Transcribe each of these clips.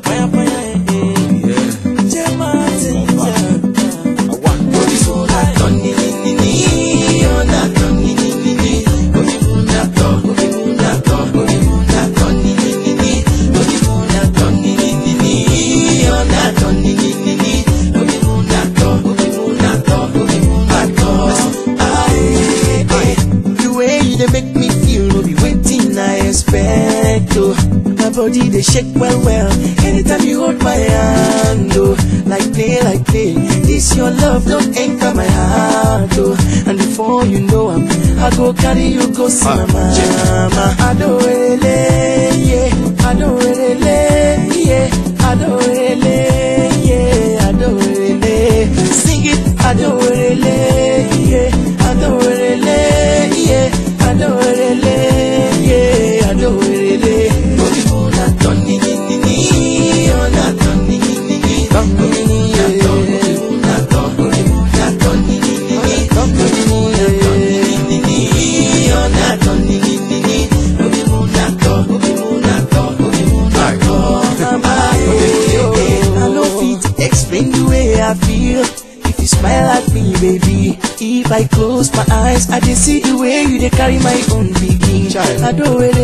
puede, puede. body they shake well well. Anytime you hold my hand, oh, like play, like play. This your love don't anchor my heart, oh. And before you know I'm, I go carry you go see uh, my mama. I do ele, yeah, I do ele, yeah, I do ele, yeah, I do ele. Sing it, I do ele, yeah, I do ele, yeah, I do ele. smile at me, baby. If I close my eyes, I just see the way you dey carry my own begin. I do it,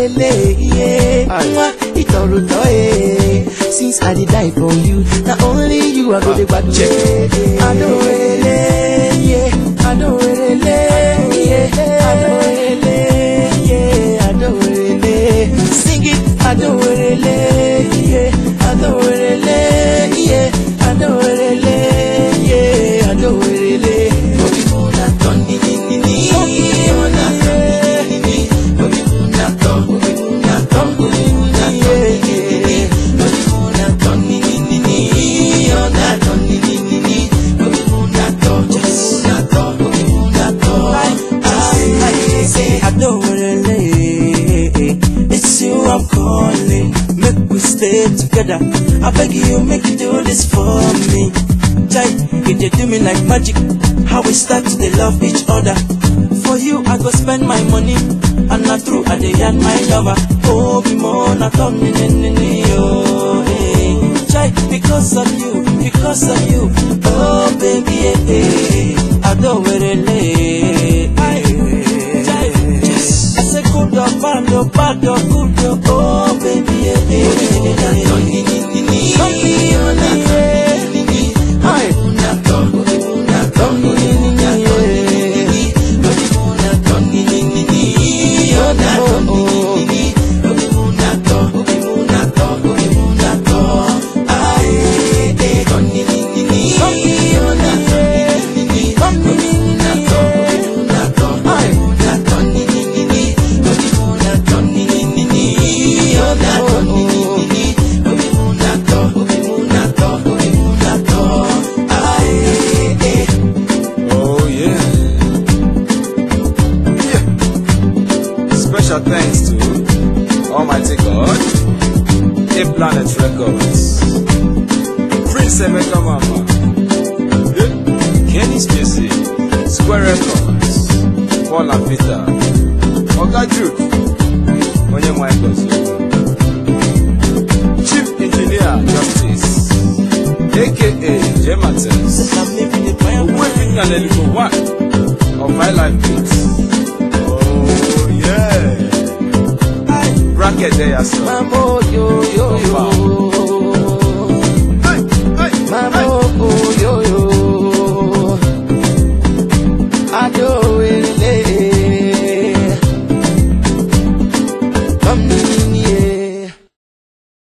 yeah. Mwah, it all toy. Since I did die for you, not only you are good, but check. I do it, yeah. I do it, yeah. I do it, yeah. I do it, sing it. I do it, yeah. I do it, yeah. I do it. stay together. I beg you, make you do this for me. Jai, if you do me like magic, how we start to love each other. For you, I go spend my money, and not through I they and my lover. Oh, be more not on me, ne, ne, ne, oh, hey. Jai, because of you, because of you, oh baby, eh, eh, I don't wear a Jai, just, I say, good, bad, bad, good. special thanks to Almighty God, A Planet Records, Prince Emeka Mama, Kenny Spacey, Square Records, Paul and Peter, Oga Jude, Onye Michaels, Chief Engineer Justice, aka Jematens, Owó Ìfìnnà Lẹ́lẹ́kọ̀ọ́ 1 of My Life Beats. Oh, yeah bracket there yourself. Mambo oh, yo yo yo. Hey, hey, Mambo oh, oh, hey.